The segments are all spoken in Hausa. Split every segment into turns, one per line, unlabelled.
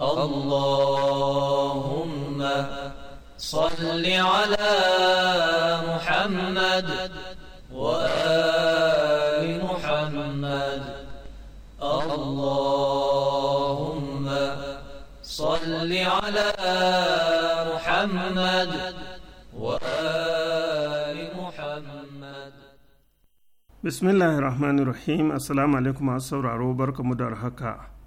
اللهم صل على محمد وآل محمد اللهم صل على محمد وآل محمد
بسم الله الرحمن الرحيم السلام عليكم ورحمة الله وبركاته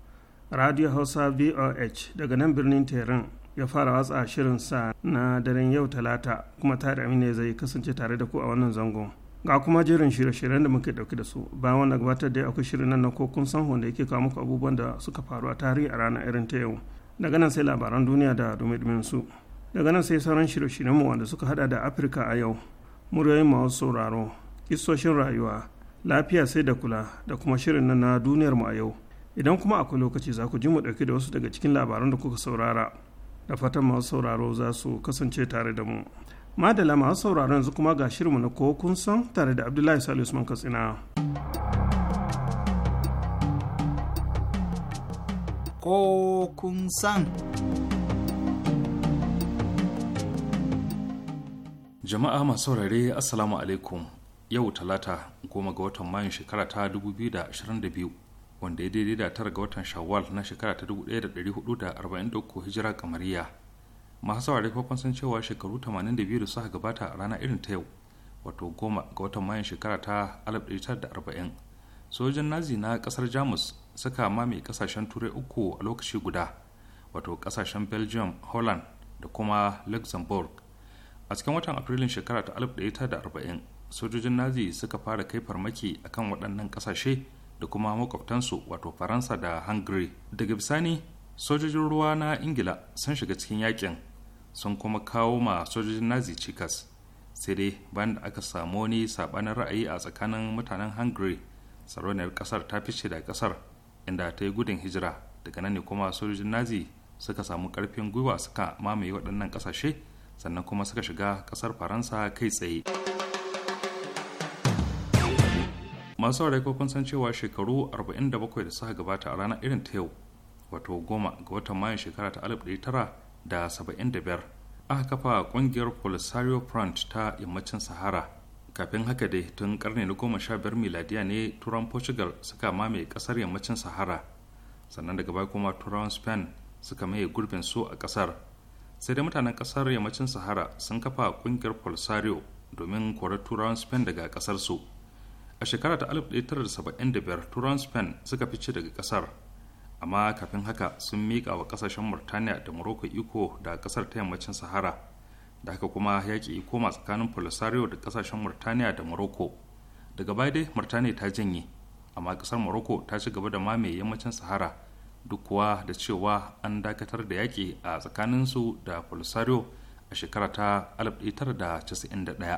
radio hausa voh daga nan birnin tehran ya fara watsa shirin sa na daren yau talata kuma da amina zai kasance tare da ku a wannan zangon ga kuma jerin shirye-shiryen da muke dauke da su bayan wanda gabatar da akwai shirin nan na ko kun san wanda yake kawo muku abubuwan da suka faru a tarihi a ranar irin ta yau daga nan sai labaran duniya da dumi su daga nan sai sauran shirye-shiryen mu wanda suka hada da afirka a yau muryoyin wasu sauraro isoshin rayuwa lafiya sai da kula da kuma shirin nan na duniyar mu a yau idan kuma akwai lokaci za ku ji mu ɗauki da wasu daga cikin labaran da kuka saurara da fatan masu sauraro za su kasance tare da mu madala masu sauraro yanzu kuma ga shirinmu na ko kun san tare da abdullahi salisu usman katsina
ko san
jama'a masu saurare assalamu alaikum yau talata goma ga watan mayun shekara ta 2022 wanda ya daidai da tara ga watan shawwal na shekara ta 1443 hijira kamariya masu saurari kun san cewa shekaru 82 da suka gabata a rana irin ta yau wato goma ga watan mayan shekara ta 1940 sojin nazi na kasar jamus suka mame kasashen turai uku a lokaci guda wato kasashen belgium holland da kuma luxembourg a cikin watan afrilun shekara ta 1940 sojojin nazi suka fara kai farmaki akan waɗannan kasashe da kuma makwabtansu wato faransa da hungary daga bisani sojojin ruwa na ingila sun shiga cikin yakin sun kuma kawo ma sojojin nazi cikas sai dai bayan da aka samu wani sabanin ra'ayi a tsakanin mutanen hungary sarauniyar kasar ta fice da kasar inda ta yi gudun hijira daga nan ne kuma sojojin nazi suka samu karfin gwiwa suka mamaye waɗannan ƙasashe sannan kuma suka shiga ƙasar faransa kai tsaye masu saurari ko kun san cewa shekaru 47 da suka gabata a ranar irin ta yau wato goma ga watan mayu shekara ta 1975 aka kafa kungiyar polisario front ta yammacin sahara kafin haka dai tun karni na goma sha biyar miladiya ne turan portugal suka mamaye kasar yammacin sahara sannan daga baya kuma turawan spain suka maye gurbin su a kasar sai dai mutanen kasar yammacin sahara sun kafa kungiyar polisario domin korar turawan spain daga kasar su a shekara ta 1975 turan spain suka fice daga kasar amma kafin haka sun miƙa wa kasashen murtaniya da morocco iko da ƙasar ta yammacin sahara da haka kuma yaƙi ma tsakanin polisario da ƙasashen murtaniya da morocco daga baya dai murtaniya ta janye amma ƙasar morocco ta ci gaba da mamaye yammacin sahara duk kuwa da cewa an dakatar da yaƙi a tsakaninsu da polisario a shekara ta 1991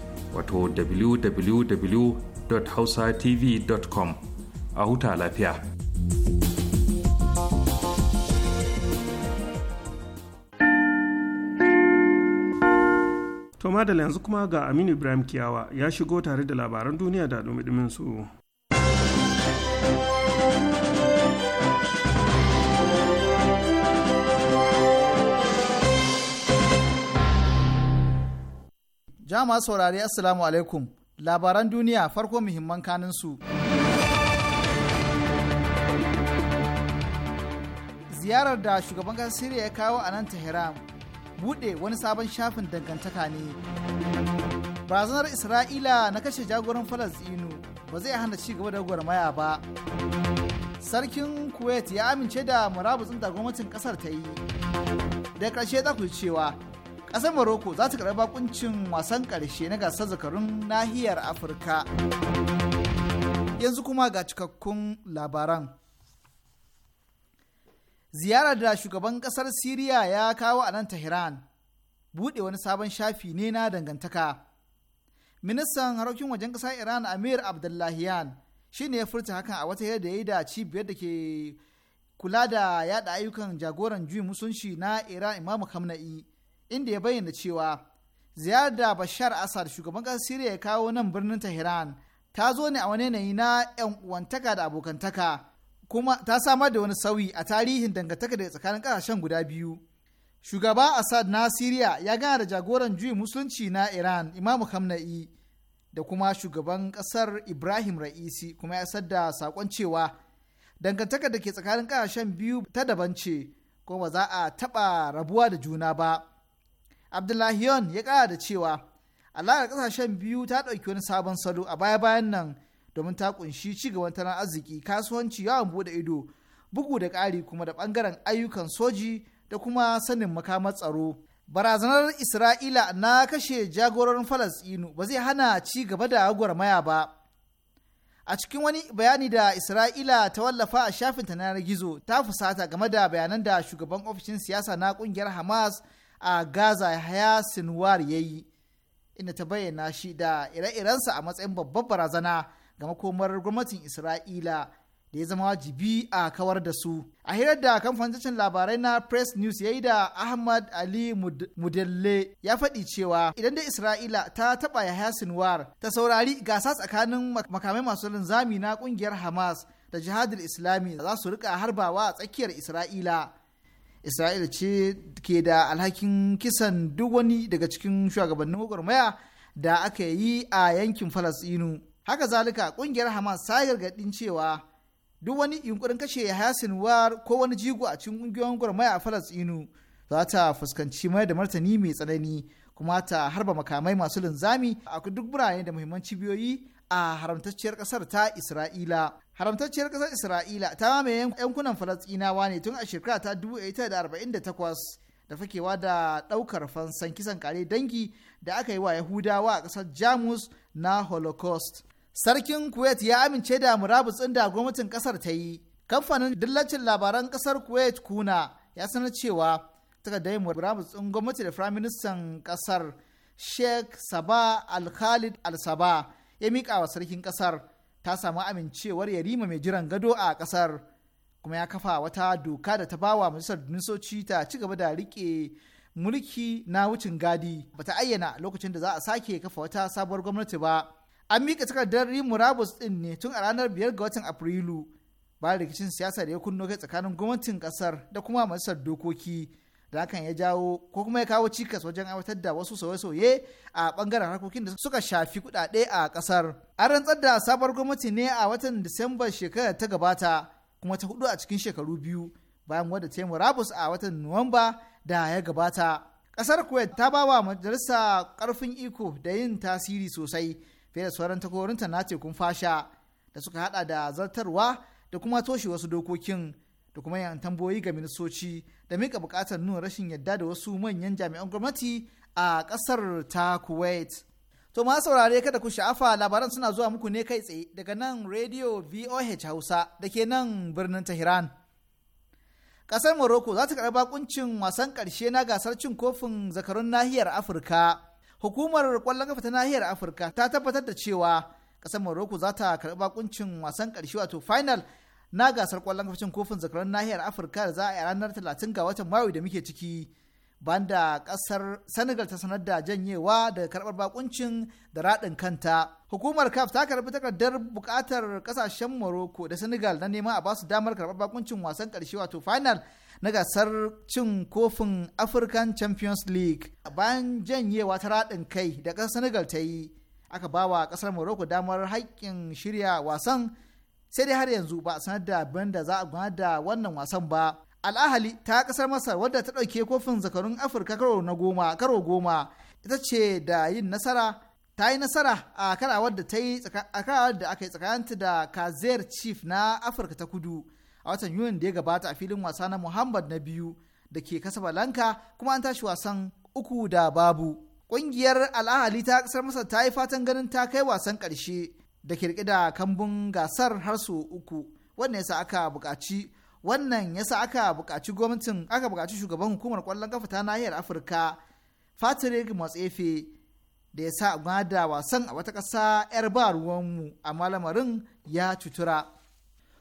wato www.hausatv.com a huta lafiya.
To yanzu kuma ga Aminu Ibrahim Kiyawa ya shigo tare da labaran duniya da dumi su.
Jama'a saurari Assalamu alaikum. Labaran duniya farko muhimman kanin su. Ziyarar da shugaban ƙasar Siriya ya kawo a nan Tehran buɗe wani sabon shafin dangantaka ne. Barazanar Isra'ila na kashe jagoran Falasɗinu ba zai hana ci gaba da gwarmaya ba. Sarkin Kuwait ya amince da murabutsin da gwamnatin ƙasar ta yi. Da ƙarshe za ku cewa ƙasar morocco za ta karɓi bakuncin wasan ƙarshe na gasar zakarun nahiyar afirka yanzu kuma ga cikakkun labaran ziyarar da shugaban ƙasar siriya ya kawo a nan tehran buɗe wani sabon shafi ne na dangantaka ministan harkokin wajen ƙasar iran amir abdullahiyan shi ne ya furta hakan a wata yadda ya yi da cibiyar da ke kula da yada ayyukan jagoran juyin musunci na iran imamu kamna'i inda ya bayyana cewa ziyarar da bashar assad shugaban ƙasar siriya ya kawo nan birnin tehran ta zo ne a wani yanayi na 'yan uwantaka da abokantaka kuma ta samar da wani sauyi a tarihin dangantaka da tsakanin ƙasashen guda biyu shugaba asad na siriya ya gana da jagoran juyin musulunci na iran imamu kamna'i da kuma shugaban ƙasar ibrahim ra'isi kuma ya sadda sakon cewa dangantaka da ke tsakanin ƙasashen biyu ta daban ce kuma za a taɓa rabuwa da juna ba abdullahiyon ya kara da cewa alaƙar ƙasashen biyu ta ɗauki wani sabon salo a baya-bayan nan domin ta ƙunshi ci gaban tattalin arziki kasuwanci yawon buɗe ido bugu da ƙari kuma da ɓangaren ayyukan soji da kuma sanin makamar tsaro barazanar isra'ila na kashe jagororin falasɗinu ba zai hana ci gaba da gwarmaya ba a cikin wani bayani da isra'ila ta wallafa a shafinta na gizo ta fusata game da bayanan da shugaban ofishin siyasa na ƙungiyar hamas a gaza haya sinwar ya yi inda ta bayyana shi da ire-irensa a matsayin babbar barazana ga makomar gwamnatin isra'ila da ya zama wajibi a kawar da su a hirar da kamfanin labarai na press news ya yi da ahmad ali Mudelle ya faɗi cewa idan da isra'ila ta taɓa Yahaya sinwar ta saurari gasa tsakanin makamai masu linzami na ƙungiyar hamas da jihadar islami za su rika harbawa a tsakiyar isra'ila isra'ila ce ke da alhakin kisan duk wani daga cikin shugabannin gwagwarmaya da aka yi a yankin falasinu haka zalika kungiyar hamas ta gargadin cewa duk wani yunkurin kashe yahya sinwar ko wani jigo a cikin kungiyoyin gwagwarmaya a falasinu za ta fuskanci mai da martani mai tsanani kuma ta harba makamai masu linzami a duk birane da muhimman cibiyoyi a haramtacciyar ƙasar ta Isra'ila. Haramtacciyar ƙasar Isra'ila ta mamaye yankunan Falasɗinawa ne tun a shekara ta 1948 da fakewa da ɗaukar fansan kisan kare dangi da aka yi wa Yahudawa a ƙasar Jamus na Holocaust. Sarkin Kuwait ya amince da murabus ɗin da gwamnatin ƙasar ta yi. Kamfanin dillacin labaran ƙasar Kuwait Kuna ya sanar cewa takardar murabus ɗin gwamnati da Firaministan ƙasar Sheikh Sabah Al-Khalid Al-Sabah ya miƙa wa sarkin ƙasar ta samu amincewar yarima mai jiran gado a ƙasar kuma ya kafa wata doka da ta ba wa majalisar dinsoci ta ci gaba da riƙe mulki na wucin gadi ba ta ayyana lokacin da za a sake kafa wata sabuwar gwamnati ba an miƙa takardar murabus ɗin ne tun a ranar biyar ga watan afrilu bayan rikicin siyasa da ya kunno kai tsakanin gwamnatin ƙasar da kuma majalisar dokoki da hakan ya jawo ko kuma ya kawo cikas wajen aiwatar da wasu sauye-sauye a bangaren harkokin da suka shafi kudade a kasar an rantsar da sabar gwamnati ne a watan disamba shekarar ta gabata kuma ta hudu a cikin shekaru biyu bayan wadda ta yi a watan nuwamba da ya gabata kasar kuwait ta ba wa majalisa karfin iko da yin tasiri sosai fiye da sauran takorinta na tekun fasha da suka hada da zartarwa da kuma toshe wasu dokokin da kuma yin tamboyi ga ministoci da mika bukatar nuna rashin yadda da wasu manyan jami'an gwamnati a kasar ta kuwait to ma saurare kada ku sha'afa labaran suna zuwa muku ne kai tsaye daga nan radio voh hausa da ke nan birnin tehran kasar morocco za ta karɓi bakuncin wasan ƙarshe na gasar cin kofin zakarun nahiyar afirka hukumar kwallon kafa ta nahiyar afirka ta tabbatar da cewa kasar morocco za ta karɓi bakuncin wasan ƙarshe wato final na gasar kwallon cin kofin zakaran nahiyar afirka da za a yi ranar talatin ga watan mayu da muke ciki banda kasar senegal ta sanar da janyewa daga karbar bakuncin da raɗin kanta hukumar caf ta karbi takardar buƙatar kasashen morocco da senegal na neman a basu damar karbar bakuncin wasan karshe wato final na gasar cin kofin african champions league bayan janyewa ta raɗin kai da ƙasar senegal ta yi aka bawa ƙasar morocco damar haƙƙin shirya wasan sai dai har yanzu ba a sanar da abin da za a gudanar da wannan wasan ba al'ahali ta kasar masar wadda ta ɗauke kofin zakarun afirka karo na goma karo goma ita ce da yin nasara ta yi nasara a karawar da ta yi da aka yi tsakaninta da kazer chief na afirka ta kudu a watan yuni da ya gabata a filin wasa na muhammad na biyu da ke kasabalanka kuma an tashi wasan uku da babu ƙungiyar al'ahali ta kasar masar ta yi fatan ganin ta kai wasan ƙarshe da kirki da kambun gasar har su uku wannan yasa aka buƙaci wannan yasa aka buƙaci gwamnatin aka bukaci shugaban hukumar kwallon kafa ta nahiyar afirka patrick matsefe da ya sa da wasan a wata kasa 'yar ba ruwanmu amma lamarin ya cutura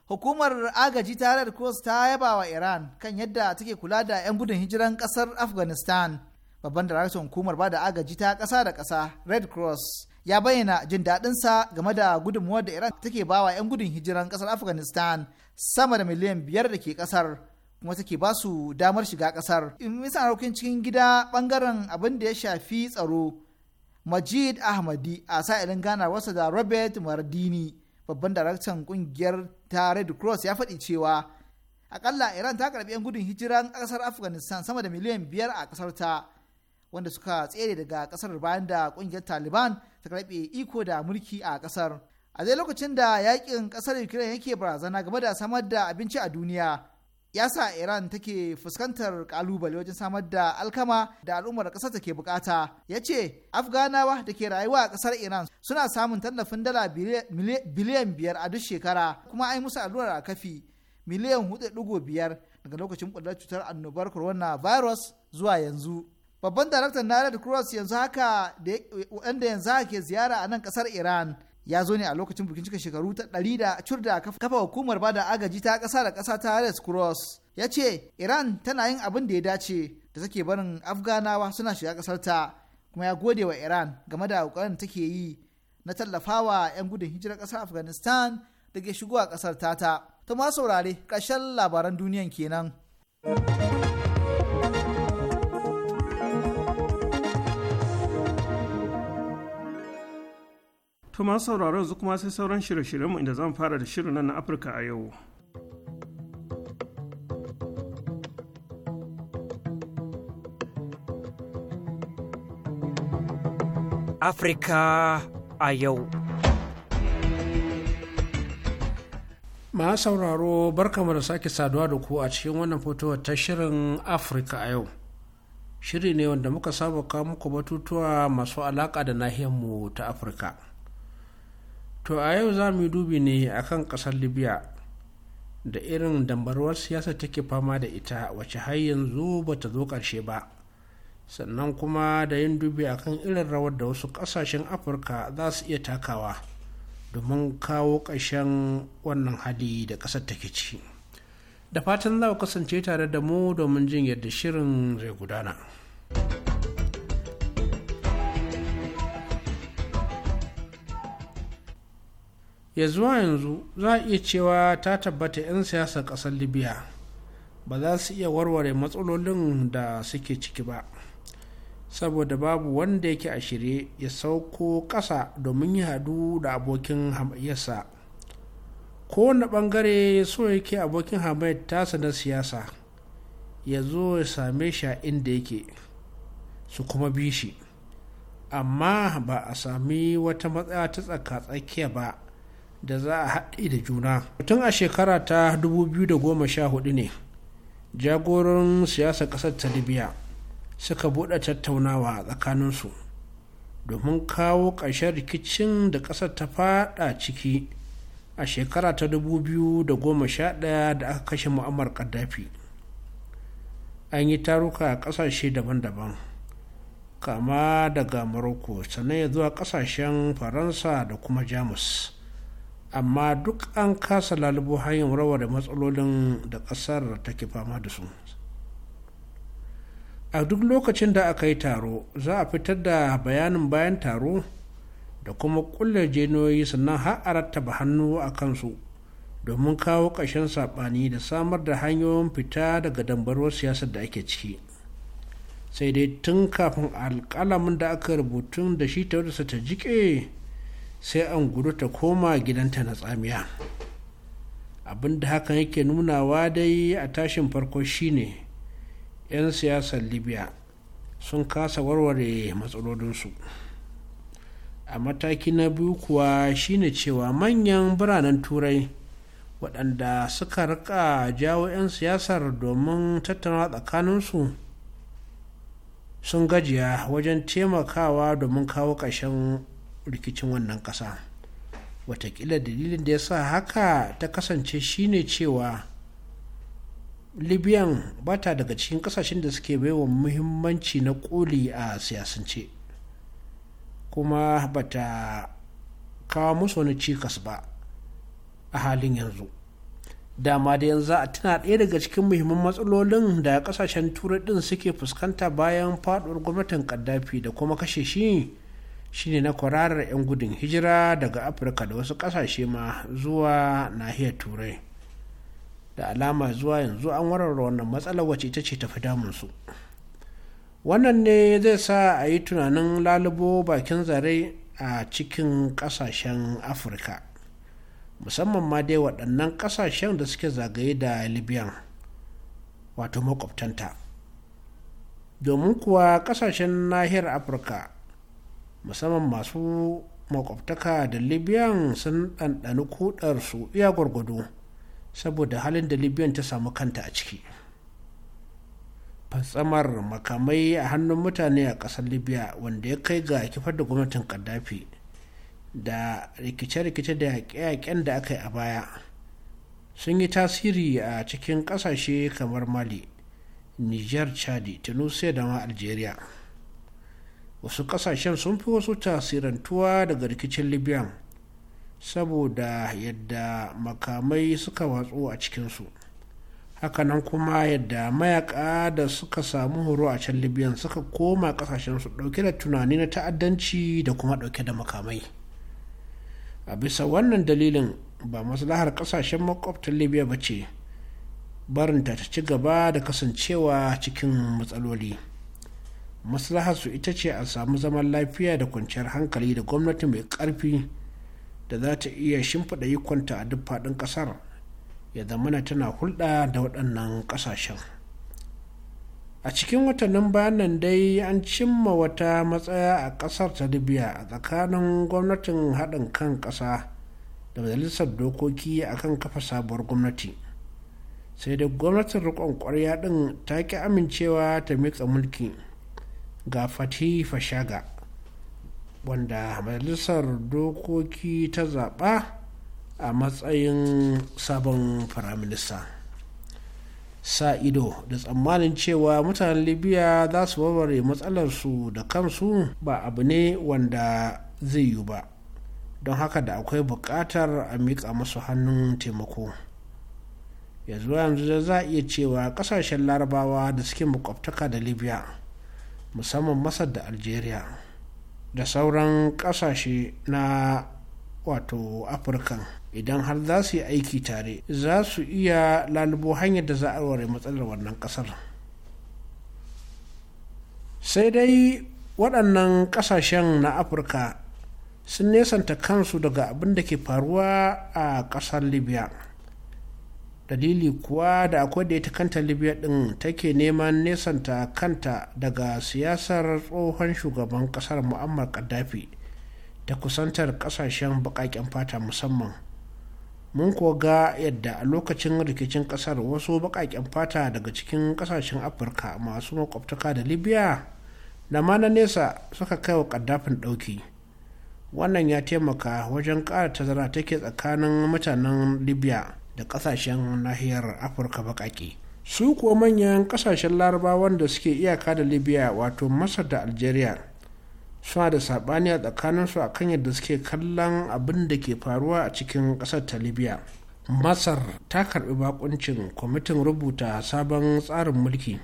hukumar agaji ta red cross ta yaba wa iran kan yadda take kula da 'yan gudun hijiran ƙasar afghanistan babban daraktan hukumar ba da agaji ta ƙasa da kasa red cross ya bayyana jin daɗinsa game da gudunmuwar da Iran take bawa 'yan gudun hijiran ƙasar Afghanistan sama da miliyan biyar da ke ƙasar kuma take ba su damar shiga ƙasar. In misa harkokin cikin gida ɓangaren abin da ya shafi tsaro Majid Ahmadi a sa'ilin ganawarsa da Robert Mardini babban daraktan ƙungiyar ta Red Cross ya faɗi cewa akalla Iran ta karɓi 'yan gudun hijiran ƙasar Afghanistan sama da miliyan biyar a ƙasar ta wanda suka tsere daga ƙasar bayan da ƙungiyar Taliban ta karbe iko da mulki a ƙasar. a dai lokacin da yakin ƙasar ukraine yake barazana game da samar da abinci a duniya ya sa iran take fuskantar kalubale wajen samar da alkama da al'ummar kasar take bukata ya ce afganawa da ke rayuwa a ƙasar iran suna samun tallafin dala biliyan biyar a duk shekara kuma ai musu allurar a kafi miliyan hudu biyar daga lokacin cutar annobar corona virus zuwa yanzu. babban daraktan na red cross yanzu haka wanda yanzu ke ziyara a nan kasar iran ya zo ne a lokacin bikin cika shekaru ta ɗari da cur da kafa hukumar ba da agaji ta kasa da ƙasa ta red cross ya ce iran tana yin abin da ya dace da take barin afganawa suna shiga kasarta ta kuma ya gode wa iran game da ƙoƙarin take yi na tallafawa 'yan gudun hijirar ƙasar afghanistan da ke shigo a tata ta ma saurare ƙarshen labaran duniyan kenan.
To masu sauraron yanzu kuma sai sauran shirye-shiryenmu inda zan fara da shirin nan na Afirka a yau.
Afirka
a yau. Ma sauraro barkamu da sake saduwa da ku a cikin wannan fitowar ta shirin Afirka a yau. Shiri ne wanda muka saba kawo muku batutuwa masu alaƙa da nahiyarmu ta Afirka. to a yau za mu dubi ne akan ƙasar libya da irin dambarwar siyasa take fama da ita wacce har yanzu ba ta zo ƙarshe ba sannan kuma da yin dubi akan irin rawar da wasu ƙasashen afirka za su iya takawa domin kawo ƙarshen wannan hali da ƙasar take ci da fatan za ku kasance tare da mu domin jin yadda shirin zai gudana. ya zuwa yanzu za a iya cewa ta tabbata 'yan siyasar ƙasar libya ba za su iya warware matsalolin da suke ciki ba saboda babu wanda yake a shirye ya sauko ƙasa domin ya hadu da abokin hamayyarsa kowane ɓangare so yake abokin hamayyar tasa na siyasa ya zo ya same shi a inda yake su kuma bi shi amma ba a sami wata matsaya ta tsaka tsakiya ba da za a haɗe da juna tun a shekara ta 2014 ne jagoran siyasar ƙasar ta libya suka buɗe tattaunawa tsakaninsu domin kawo ƙarshen rikicin da ƙasar ta faɗa ciki a shekara ta 2011 da aka kashe mu'ammar gaddafi an yi taruka a ƙasashe daban-daban kama daga morocco sannan ya zuwa ƙasashen faransa da kuma jamus amma duk an kasa lalubo hanyar rawa da matsalolin da ƙasar take fama da su a duk lokacin da aka yi taro za a fitar da bayanin bayan taro da kuma kullar jeniyoyi sannan har a rattaba hannu a kansu domin kawo ƙashin saɓani da samar da hanyoyin fita daga dambarwar siyasar da ake ciki sai dai tun kafin alƙalamin da aka rubutu da shi ta wadda ta jike sai an gudu ta koma gidanta na tsamiya abinda hakan yake nunawa dai a tashin farko shine 'yan siyasar libya sun kasa warware matsalolinsu a mataki na biyu kuwa shine cewa manyan biranen turai waɗanda suka rika jawo 'yan siyasar domin tattauna tsakaninsu sun gajiya wajen taimakawa domin kawo ƙashin rikicin wannan ƙasa watakila dalilin da ya sa haka ta kasance shine cewa libyan ba ta daga cikin kasashen da suke baiwa muhimmanci na koli a siyasance kuma ba ta kawo musu wani cikas ba a halin yanzu dama da yanzu a tana ɗaya daga cikin muhimman matsalolin da kasashen turai ɗin suke fuskanta bayan faɗuwar gwamnatin kaddafi da kuma kashe shi shine na kwararar 'yan gudun hijira daga afirka da wasu kasashe ma zuwa nahiyar turai da alama zuwa yanzu an warware wannan matsala wacce ita ce tafi damunsu wannan ne zai sa a yi tunanin lalubo bakin zare a cikin kasashen afirka musamman ma dai waɗannan kasashen da suke zagaye da libyan wato makwabtanta domin kuwa kasashen nahiyar afirka musamman masu makwabtaka da libyan sun ɗanɗani kudar su iya gwargwado saboda halin da libyan ta samu kanta a ciki fatsamar makamai a hannun mutane a ƙasar libya wanda ya kai ga kifar da gwamnatin kaddafi da rikice-rikice da yaƙe-yaƙen da aka yi a baya sun yi tasiri a cikin ƙasashe kamar mali niger chadi tunisia da ma algeria wasu kasashen sun fi wasu tasirantuwa daga rikicin libyan saboda yadda makamai suka watsu a cikinsu hakanan kuma yadda mayaka da suka samu horo a can libyan suka koma kasashensu dauke da tunani na ta'addanci da kuma dauke da makamai a bisa wannan dalilin ba maslahar kasashen makwabtan libya ba ce barinta ta ci gaba da kasancewa cikin matsaloli. maslaharsu ita ce a samu zaman lafiya da kwanciyar hankali da gwamnati mai ƙarfi da za ta iya shimfiɗa ikonta a duk faɗin ƙasar ya zamana tana hulɗa da waɗannan ƙasashen a cikin watannin bayanan dai an cimma wata matsaya a ƙasar ta libya a tsakanin gwamnatin haɗin kan ƙasa da majalisar dokoki a kan kafa sabuwar gwamnati sai da gwamnatin riƙon ƙwarya ɗin ta ƙi amincewa ta mika mulki ga fati fashaga wanda majalisar dokoki ta zaɓa a matsayin sabon firaminista sa ido da tsammanin cewa mutanen libya za su warware matsalarsu da kansu ba abu ne wanda zai yiwu ba don haka da akwai buƙatar a miƙa masu hannun taimako yanzu yanzu za a iya cewa ƙasashen larabawa da suke makwabtaka da libya musamman masar da algeria da sauran kasashe na wato afirka idan har za su yi aiki tare za su iya lalubo hanyar da za a ware matsalar wannan kasar sai dai waɗannan ƙasashen na afirka sun nesanta kansu daga abin da ke faruwa a ƙasar libya dalili kuwa da akwai da ita kanta libya din take neman nesanta kanta daga siyasar tsohon shugaban kasar muammar kaddafi da kusantar kasashen bakaken fata musamman mun kuwa ga yadda a lokacin rikicin kasar wasu bakaken fata daga cikin kasashen afirka masu makwabtaka da libya da ma na nesa suka kai wa kaddafin dauki wannan ya taimaka wajen ƙara tazara take tsakanin mutanen libya da kasashen nahiyar afirka baƙaƙe su kuwa manyan kasashen laraba wanda suke iyaka da libya wato masar da algeria suna da saɓani a tsakaninsu a kan yadda suke kallon abin da ke faruwa a cikin ƙasar ta libya masar ta karɓi bakuncin kwamitin rubuta sabon tsarin mulki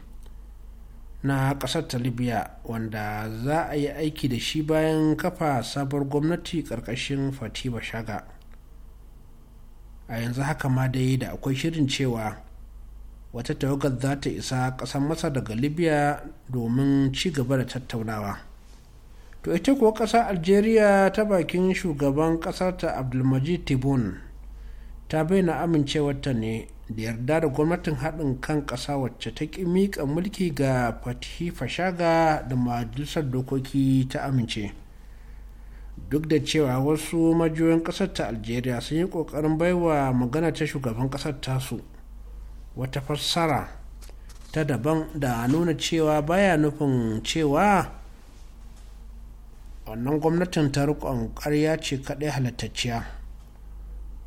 na ƙasar ta libya wanda za a yi aiki da shi bayan kafa sabon gwamnati ƙarƙashin fatima shaga a yanzu haka ma dai da akwai shirin cewa wata tawagar za ta isa ƙasar masar daga libya domin ci gaba da tattaunawa to ita kuwa ƙasar algeria ta bakin shugaban ƙasar ta abdulmajid tibun ta bayyana amincewarta ne da yarda da gwamnatin haɗin kan ƙasa wacce ta ƙi miƙa mulki ga fatihi fashaga da majalisar dokoki ta amince. duk da cewa wasu majiyoyin ƙasar ta algeria sun yi ƙoƙarin baiwa magana ta shugaban ƙasar tasu wata fassara ta daban da nuna cewa baya nufin cewa wannan gwamnatin ta riƙon ƙarya ce kaɗai halittacciya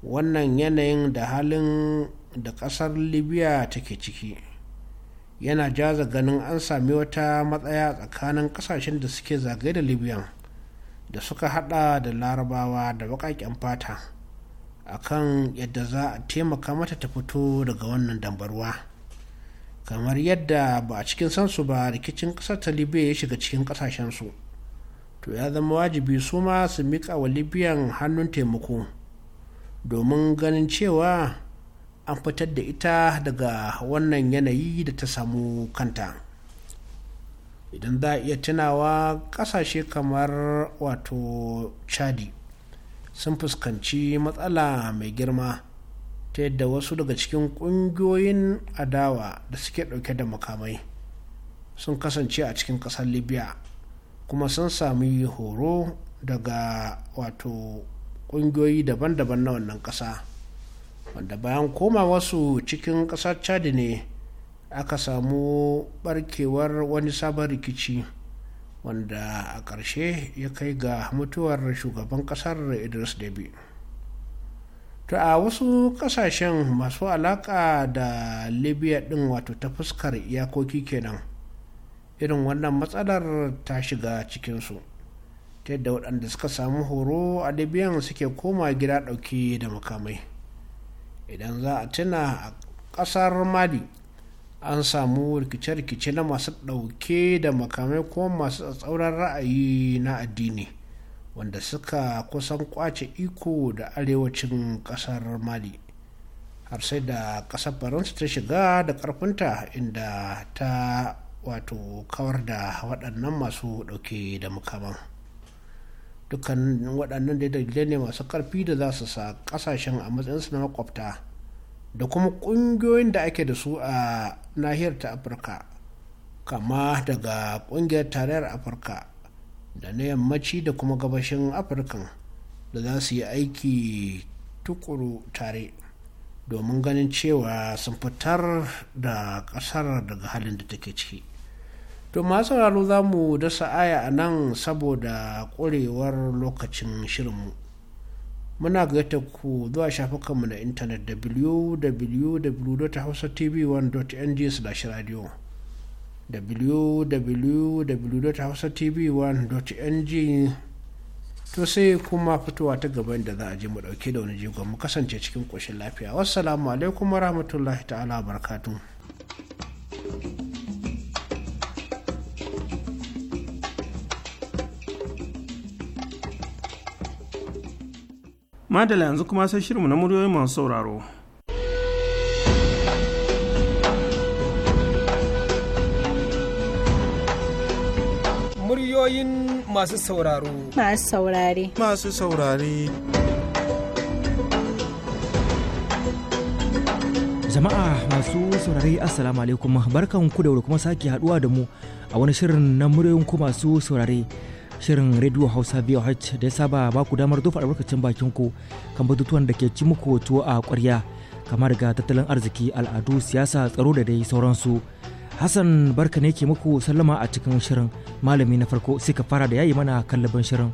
wannan yanayin da halin da ƙasar libya take ciki yana jaza ganin an sami wata matsaya tsakanin ƙasashen da suke zagaye da libyan da suka hada da larabawa da baƙaƙen fata a kan yadda za a taimaka mata ta fito daga wannan dambarwa kamar yadda ba a cikin sansu ba rikicin ƙasar ta libya ya shiga cikin ƙasashensu to ya zama wajibi su ma su miƙa wa libyan hannun taimako domin ganin cewa an fitar da ita daga wannan yanayi da ta samu kanta. idan za a iya tunawa kasashe kamar wato chadi sun fuskanci matsala mai girma ta yadda wasu daga cikin ƙungiyoyin adawa da suke ɗauke da makamai sun kasance a cikin ƙasar libya kuma sun sami horo daga wato ƙungiyoyi daban-daban na wannan ƙasa wanda bayan koma wasu cikin ƙasar chadi ne aka samu barkewar wani sabon rikici wanda a ƙarshe ya kai ga mutuwar shugaban ƙasar idris debi to a wasu ƙasashen masu alaƙa da libya ɗin wato ta fuskar iyakoki kenan irin wannan matsalar ta shiga cikinsu ta yadda waɗanda suka samu horo a libyan suke koma gida ɗauki da makamai idan za a tuna a ƙasar mali an samu rikice-rikice na masu ɗauke da makamai ko masu tsatsauran ra'ayi na addini wanda suka kusan kwace iko da arewacin ƙasar mali har sai da ƙasar faransa ta shiga da ƙarfinta inda ta wato kawar da waɗannan masu ɗauke da makaman dukkan waɗannan da dalilai ne masu ƙarfi da za su sa ƙasashen a matsayinsu na makwabta da kuma ƙungiyoyin da ake da su a nahiyar ta afirka kama daga ƙungiyar tarayyar afirka da na yammaci da kuma gabashin afirkan da za su yi aiki tukuru tare domin ganin cewa sun fitar da ƙasar daga halin da take ciki to masu za mu dasa aya a nan saboda ƙurewar lokacin shirinmu muna gaita ku zuwa shafukanmu na intanet www.hausatv1.ng/radio www.hausatv1.ng to sai kuma fitowa ta gaba da za a je mu dauke da wani jigon mu kasance cikin koshin lafiya wassalamu alaikum warahmatullahi ta'ala barakatuh
madala yanzu kuma sai shirinmu na muryoyin masu sauraro
muryoyin masu sauraro
masu saurare masu saurare
jama'a masu saurare assalamu alaikum barkan ku da kuma sake haduwa da mu a wani shirin na muryoyin ku masu saurare shirin rediyo hausa voh da ya saba ba ku damar dufa albarkacin bakin ku kan batutuwan da ke ci muku tuwo a kwarya kamar daga tattalin arziki al'adu siyasa tsaro da dai sauransu hassan barka ne ke muku sallama a cikin shirin malami na farko sai ka fara da yayi mana kallabin shirin.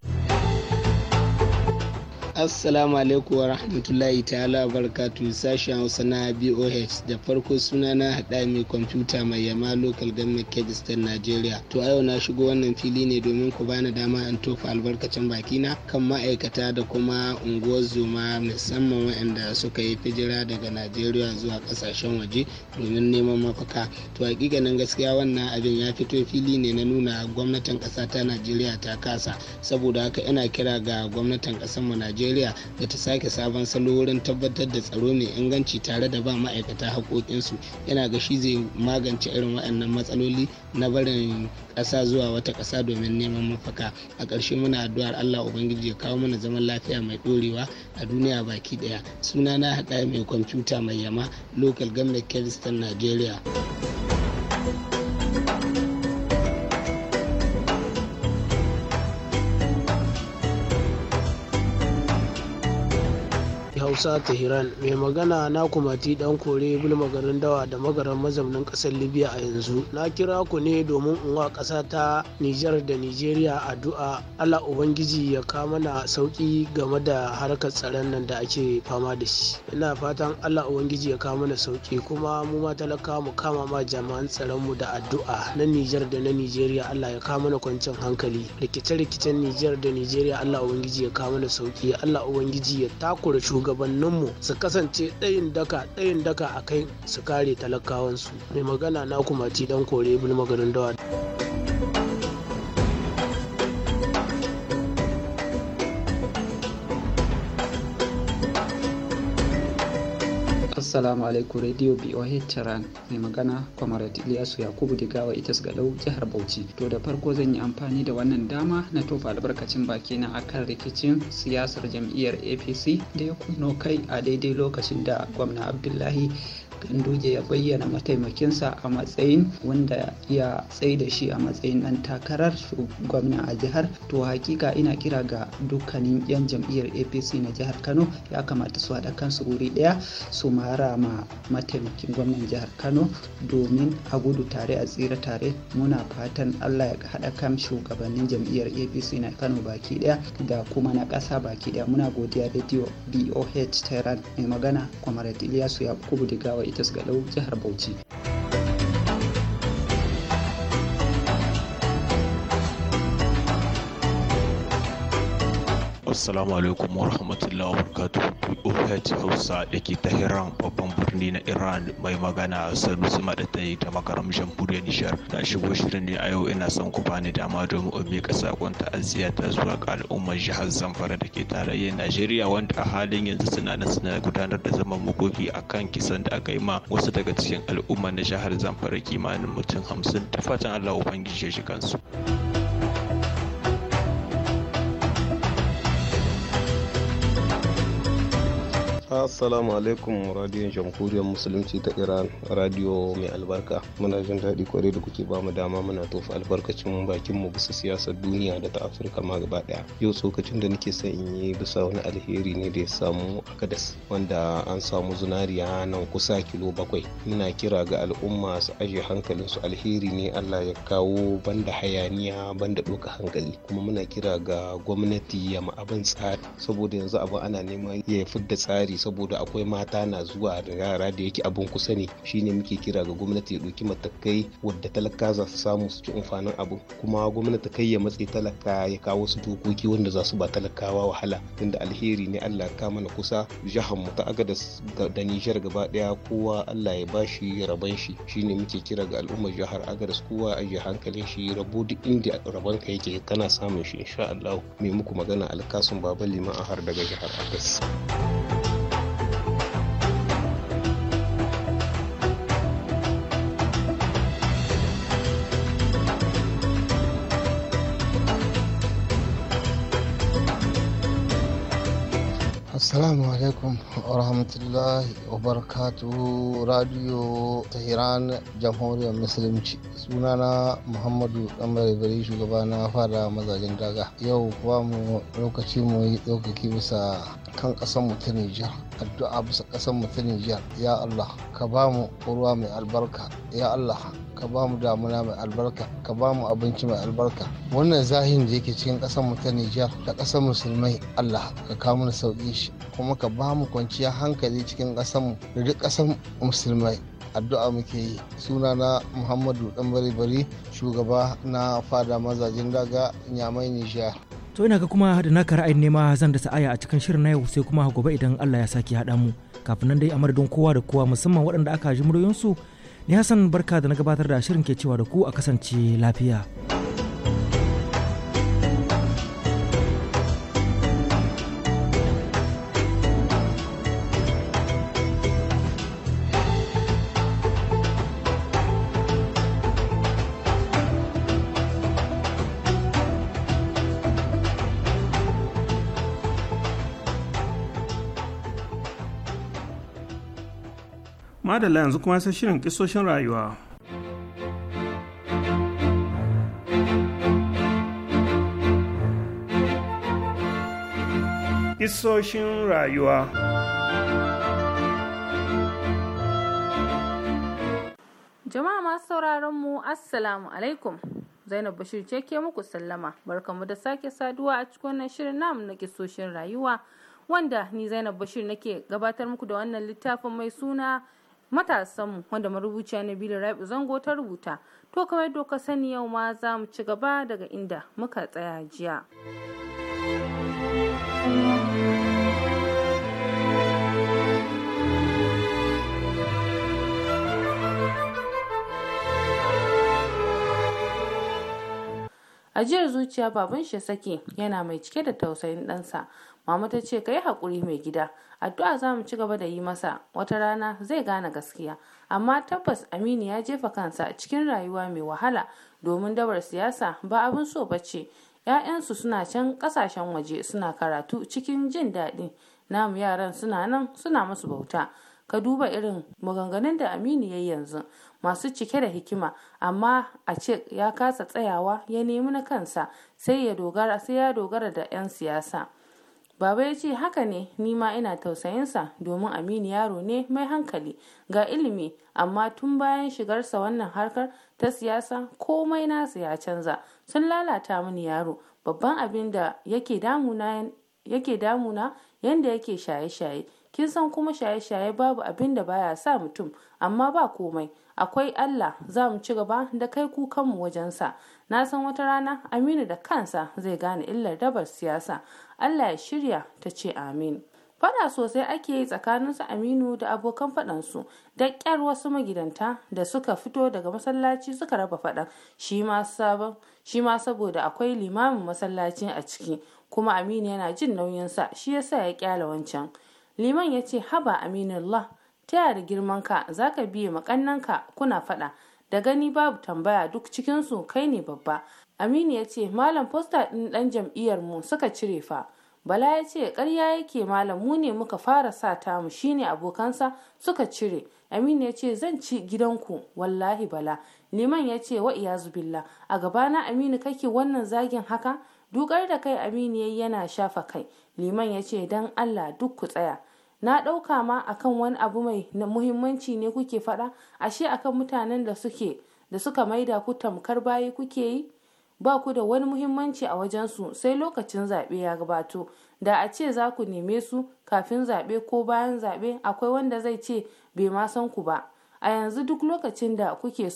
Assalamu alaikum wa rahmatullahi ta'ala barkatu sashen Hausa na BOH da farko suna na hada mai kwamfuta mai yama lokal government Kebbi State Nigeria. To a yau na shigo wannan fili ne domin ku bani dama in tofa albarkacin bakina kan ma'aikata da kuma unguwar zuma musamman waɗanda suka yi fijira daga Najeriya zuwa ƙasashen waje domin neman mafaka. To nan gaskiya wannan abin ya fito fili ne na nuna gwamnatin kasa ta Najeriya ta kasa saboda haka ina kira ga gwamnatin kasanmu Najeriya najeriya da ta sake sabon salo wurin tabbatar da tsaro mai inganci tare da ba ma'aikata haƙoƙinsu yana ga shi zai magance irin waɗannan matsaloli na barin ƙasa zuwa wata ƙasa domin neman mafaka a ƙarshe muna addu'ar allah ubangiji ya kawo mana zaman lafiya mai ɗorewa a duniya baki ɗaya suna na haɗa mai kwamfuta mai yama local government kiristan najeriya hausa tehran mai magana na kumati dan kore
bulma garin dawa da magaran mazaunin kasar libya a yanzu na kira ku ne domin in wa kasa ta nijar da nijeriya addu'a allah ubangiji ya kama na sauki
game da harkar tsaron nan da ake fama da shi ina fatan allah ubangiji ya kama na sauki kuma mu ma talaka mu kama ma jama'an tsaron mu da addu'a na nijar da na nigeria allah ya kama na kwancin hankali rikice-rikicen nijar da nigeria allah ubangiji ya kama na sauki allah ubangiji ya takura shugaban shugabanninmu su kasance tsayin daka tsayin daka a kai su kare talakawansu mai magana na kuma ci dan kore bulmagarin dawa Assalamu alaikum Radio
BOH Charan mai magana Comrade Ilyasu Yakubu da Digawa Itas dau jihar Bauchi. To
da farko zan yi amfani da wannan dama na tofa albarkacin baki na akan rikicin siyasar jam'iyyar APC da ya kuno kai a daidai lokacin da gwamna Abdullahi
Ganduje ya bayyana mataimakinsa a matsayin wanda ya tsai da shi a matsayin ɗan takarar gwamna a jihar to hakika ina kira ga dukkanin 'yan jam'iyyar apc na jihar kano ya kamata su haɗa kansu wuri ɗaya su mara ma mataimakin gwamnan jihar kano domin a gudu tare a tsira tare muna fatan allah ya haɗa kan shugabannin jam'iyyar apc na kano baki ɗaya da kuma na ƙasa baki ɗaya muna godiya rediyo boh tehran mai magana Kwamarat Iliyasu ya kubu gawai. Cikas Galau jihar Bauchi.
Assalamu alaikum
wa rahmatullahi wa Hausa da ke Tahiran babban birni na Iran mai magana Sanusi Madatai ta makaram Jamhuriyar Nijar. Ta shigo shirin ne a yau ina son ku bani dama domin in miƙa sakon ta'aziyya ta zuwa ga al'ummar jihar Zamfara da ke tarayyar Najeriya wanda a halin yanzu suna nan suna gudanar da zaman makoki a kan kisan da aka yi ma wasu daga cikin al'ummar na jihar Zamfara kimanin mutum hamsin ta fatan Allah Ubangiji ya shi kansu.
Assalamu alaikum radiyon jamhuriyar musulunci ta Iran radiyo mai albarka. Muna jin daɗi kwarai da kuke bamu dama muna tofa albarkacin bakin mu bisa siyasar duniya da ta Afirka ma gaba ɗaya. Yau tsokacin da nake son in yi bisa wani alheri ne da ya samu Akadas wanda an samu zinariya nan kusa kilo bakwai. Muna kira ga al'umma su aje hankalin su alheri ne Allah ya kawo banda hayaniya banda ɗoka hankali. Kuma muna kira ga gwamnati ya ma abin tsari saboda yanzu abin ana neman ya fidda tsari saboda akwai mata na zuwa da yara da yake abun kusa ne shine muke kira ga gwamnati ya ɗauki matakai wadda talaka za su samu su ci amfanin abu kuma gwamnati kai ya matse talaka ya kawo su dokoki wanda za su ba talakawa wahala tunda alheri ne Allah ka mana kusa jihar mu ta agadas da Nijar gaba daya kowa Allah ya bashi rabon shi shine muke kira ga al'ummar jihar agadas kowa a ji hankalin shi rabo duk inda raban ka yake kana samun shi insha Allah mai muku magana alkasun baba liman ahar daga jihar agadas. Assalamu alaikum wa rahmatullahi wa barakatuhu
Radio Tehran Jamhuriyar Musulunci. Sunana Muhammadu Ɗanbar Bari shugaba na fara mazajen daga. Yau kuwa mu lokaci mu yi ɗaukaki bisa kan mu ta Nijar. Addu'a bisa ƙasarmu ta Nijar. Ya Allah, ka ba
mu ruwa mai albarka. Ya Allah, ka ba mu damuna mai albarka. Ka ba mu abinci mai albarka.
Wannan zahin da yake cikin mu ta Nijar da ƙasar musulmai Allah ka
kawo
mana sauƙi shi. Kuma ka ba mu kwanciya hankali cikin mu da duk ƙasar musulmai. addu'a muke yi suna na muhammadu dan bari bari shugaba na
fada mazajen daga nyamai nijar
to ina ga kuma da naka ra'ayin nema zan da sa'aya a cikin shirin na yau sai kuma gobe idan Allah ya sake haɗa mu kafin nan dai a madadin kowa da kowa musamman waɗanda aka ji muryoyinsu ni Hassan barka da na gabatar da shirin ke cewa da ku a kasance lafiya.
madalla yanzu kuma sai shirin kisoshin rayuwa. Kisoshin rayuwa
Jama'a masu sauraron mu Assalamu alaikum. Zainab Bashir ce ke muku sallama. Barkamu da sake saduwa a cikin wannan shirin namu na kisoshin rayuwa. wanda ni Zainab Bashir nake gabatar muku da wannan littafin mai suna matasanmu wanda marubuciya Nabila Rabi Zango ta rubuta. To kamar doka sani yau ma za mu ci gaba daga inda muka tsaya jiya. ajiyar zuciya baban shi sake yana mai cike da tausayin ɗansa mama ta ce kai hakuri mai gida addu'a za mu ci gaba da yi masa wata rana zai gane gaskiya amma tabbas aminu ya jefa kansa cikin rayuwa mai wahala domin dabar siyasa ba abin so ba ce 'ya'yansu suna can kasashen waje suna karatu cikin jin daɗi namu yaran suna nan suna masu bauta ka duba irin maganganun da aminu ya yanzu masu cike da hikima amma a ce ya kasa tsayawa ya nemi na kansa sai ya dogara sai ya dogara da 'yan siyasa Baba ya ce haka ne ni ma ina tausayinsa domin Aminu yaro ne mai hankali ga ilimi amma tun bayan shigarsa wannan harkar ta siyasa komai nasa ya canza sun lalata mini yaro babban abin da yake damuna yake damuna yanda yake shaye-shaye kin san kuma shaye-shaye babu abin da baya sa mutum amma ba komai akwai Allah za mu ci gaba da kai kukanmu wajensa na san wata rana Aminu da kansa zai gane illar dabar siyasa Allah ya shirya ta ce amin. Fada sosai ake yi su Aminu da abokan faɗansu da ƙyar wasu magidanta da suka fito daga masallaci suka raba faɗa shi ma saboda akwai limamin masallacin a ciki kuma Aminu yana jin nauyin sa shi yasa ya kyala wancan. Liman ya ce haba Aminullah ta da girmanka za ka biye ka kuna faɗa da gani babu tambaya duk cikinsu kai ne babba Aminu ya ce, Malam fosta ɗin ɗan jam'iyyar mu suka cire fa. Bala ya ce, ƙarya yake malam mu ne muka fara sa ta mu shine abokansa suka cire. Aminu ya ce, zan ci gidanku, wallahi Bala. Liman ya ce, wa iyazu a gabana Aminu kake wannan zagin haka? Dukar da kai Aminu yayi yana shafa kai. Liman ya ce, dan Allah duk ku tsaya. na ɗauka ma akan wani abu mai muhimmanci ne kuke faɗa ashe akan mutanen da suke da suka maida ku tamkar bayi kuke yi ba ku da wani muhimmanci a wajensu sai lokacin zaɓe ya gabato da a ce za ku neme su kafin zaɓe ko bayan zaɓe akwai wanda zai ce bai ma san ku ba a yanzu duk lokacin da kuke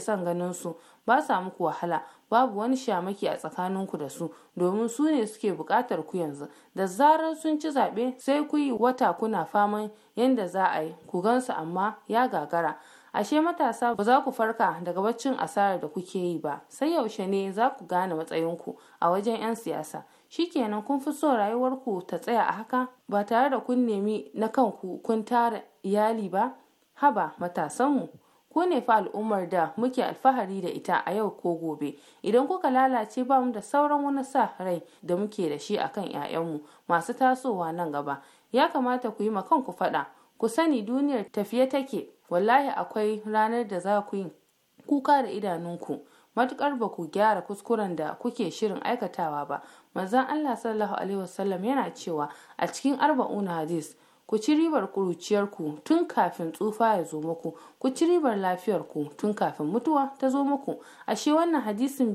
son ganin su ba sa muku wahala babu wani shamaki a tsakaninku da su domin su ne suke buƙatar ku yanzu da zarar sun ci zaɓe sai ku yi wata kuna faman yadda za a yi ku gansu amma ya gagara ashe matasa ba za ku farka daga baccin asarar da kuke yi ba sai yaushe ne za ku gane matsayinku a wajen 'yan siyasa shi kenan kun fi so rayuwarku ta tsaya a haka ba tare da kun nemi na kanku kun tara iyali ba haba matasanmu ku ne fa al'ummar da muke alfahari da ita a yau ko gobe idan kuka lalace ba mu da sauran wani sa rai da muke da shi akan 'ya'yanmu masu tasowa nan gaba ya kamata ku yi ma kanku faɗa ku sani duniyar tafiye take wallahi akwai ranar da za ku yi kuka da idanunku matukar ba ku gyara kuskuren da kuke shirin aikatawa ba manzon Allah sallallahu alaihi wasallam yana cewa a cikin arba'un hadis ku ci ribar kuruciyarku tun kafin tsufa ya zo muku ku ci ribar lafiyarku tun kafin mutuwa ta zo muku ashe wannan hadisin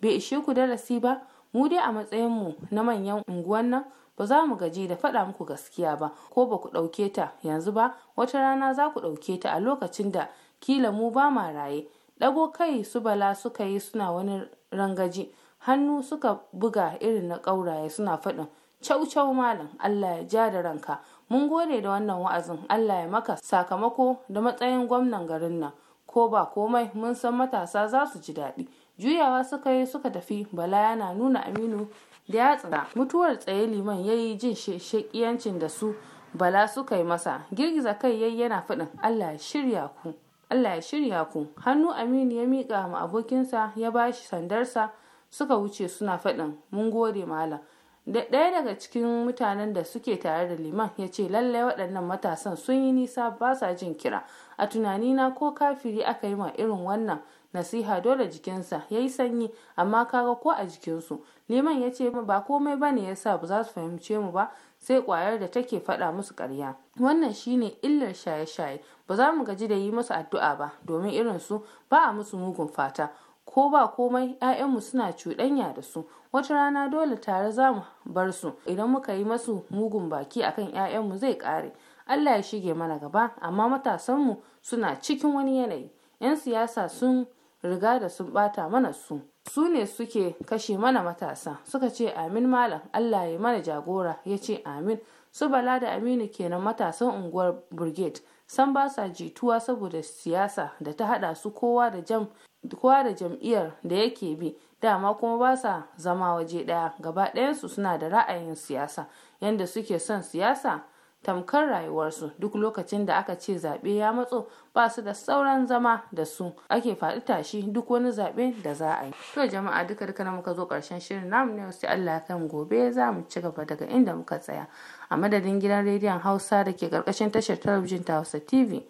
bai ishe ku darasi ba mu dai a matsayin mu na manyan unguwan nan ba za mu gaji da faɗa muku gaskiya ba ko ba ku ɗauke ta yanzu ba wata rana za ku ɗauke ta a lokacin da kila mu ba ma raye ɗago kai su bala suka yi suna wani rangaji hannu suka buga irin na ƙauraye suna faɗin cau cau malam Allah ya ja da ranka mun gode da wannan wa'azin Allah ya maka sakamako da matsayin gwamnan garin nan ko ba komai mun san matasa za su ji daɗi juyawa suka yi suka tafi bala yana nuna aminu da ya tsira mutuwar tsaye liman ya yi jin shakiyancin da su bala suka yi masa girgiza kai yayi yana faɗin allah ya shirya ku allah ya shirya ku hannu aminu ya miƙa ma abokinsa ya bashi sandarsa suka wuce suna faɗin mun gode malam ɗaya daga cikin mutanen da suke tare da liman ya ce lallai waɗannan matasan sun yi nisa ba sa jin kira a tunanina ko kafiri aka yi ma irin wannan nasiha dole jikinsa ya yi sanyi amma kaga ko a jikinsu liman ya ce ba komai ba ne ya sa ba za su fahimce mu ba sai kwayar da take faɗa musu karya wannan shine illar shaye-shaye ba za mu gaji da yi musu addu'a ba domin irin su ba a musu mugun fata ko ba komai 'ya'yanmu suna cuɗanya da su wata rana dole tare za mu bar su idan muka yi masu mugun baki akan 'ya'yanmu zai ƙare Allah ya shige mana gaba amma matasanmu suna cikin wani yanayi 'yan siyasa sun riga da sun bata mana su su ne suke kashe mana matasa suka ce amin malam allah ya mana jagora ya ce amin su bala da aminu kenan matasan unguwar brigade san ba sa jituwa saboda siyasa da ta hada su kowa da jam da jam'iyyar da yake bi dama kuma ba sa zama waje daya gaba ɗayansu suna da ra'ayin siyasa yanda suke son siyasa tamkar rayuwarsu duk lokacin da aka ce zaɓe ya matso ba su da sauran zama da su ake faɗi tashi duk wani zaɓe da za a yi to jama'a duka duka na muka zo ƙarshen shirin namu ne sai Allah kan gobe za mu ci gaba daga inda muka tsaya a madadin gidan rediyon Hausa da ke ƙarƙashin tashar talabijin ta Hausa TV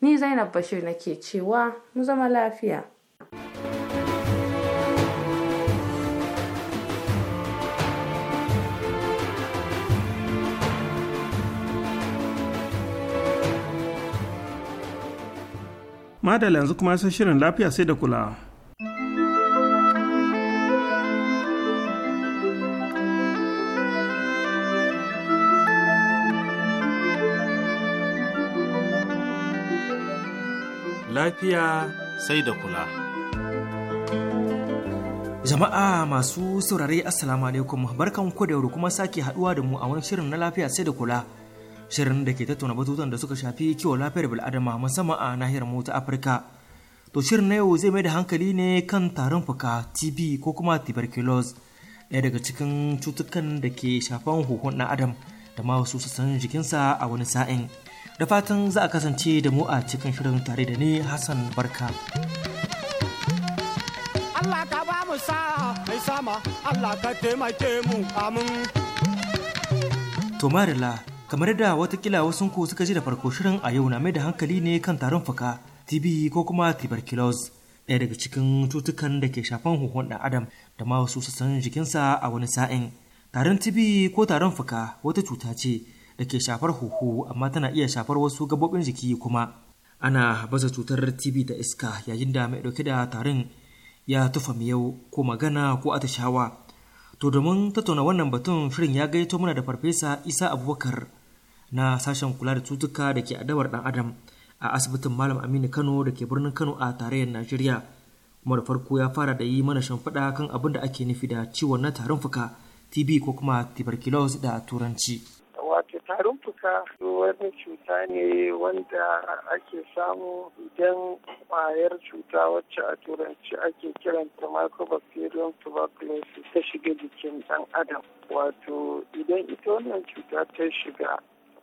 ni Zainab Bashir nake cewa mu zama lafiya.
madala yanzu kuma sai shirin lafiya sai da kula lafiya sai da kula
Jama'a masu saurare Assalamu alaikum barkan ku da yau kuma sake haduwa da mu a wani shirin na lafiya sai da kula shirin da ke tattauna batutan da suka shafi kiwon lafiyar bil'adama musamman a nahiyar mu ta afirka to shirin na yau zai mai da hankali ne kan tarin fuka tb ko kuma tuberculosis ɗaya daga cikin cutukan da ke shafan huhun ɗan adam da ma wasu sassan jikinsa a wani sa'in da fatan za a kasance da mu a cikin shirin tare da ni hassan barka Allah ka ba mu sa'a mai sama Allah ka taimake mu amin to marila kamar da watakila wasu ku suka ji da farko shirin a yau na mai da hankali ne kan tarin fuka tb ko kuma tuberculosis ɗaya daga cikin cutukan da ke shafan huhun ɗan adam da ma wasu sassan jikinsa a wani sa'in tarin tb ko tarin fuka wata cuta ce da ke shafar huhu amma tana iya shafar wasu gabobin jiki kuma ana baza cutar tb da iska yayin da mai ɗauke da tarin ya tufa miyau ko magana ko atishawa to domin tattauna wannan batun shirin ya gaito mana da farfesa isa abubakar na sashen kula da cutuka da ke adawar dan adam a asibitin malam aminu kano da ke birnin kano a tarayyar najeriya kuma da farko ya fara da yi mana shimfiɗa kan abin da ake nufi da ciwon na tarin fuka tb ko kuma tuberculosis da
turanci
wato tarin fuka wani cuta ne wanda ake samu idan kwayar cuta wacce a turanci ake kiranta microbacterium tuberculosis ta shiga jikin ɗan adam wato idan ita wannan cuta ta shiga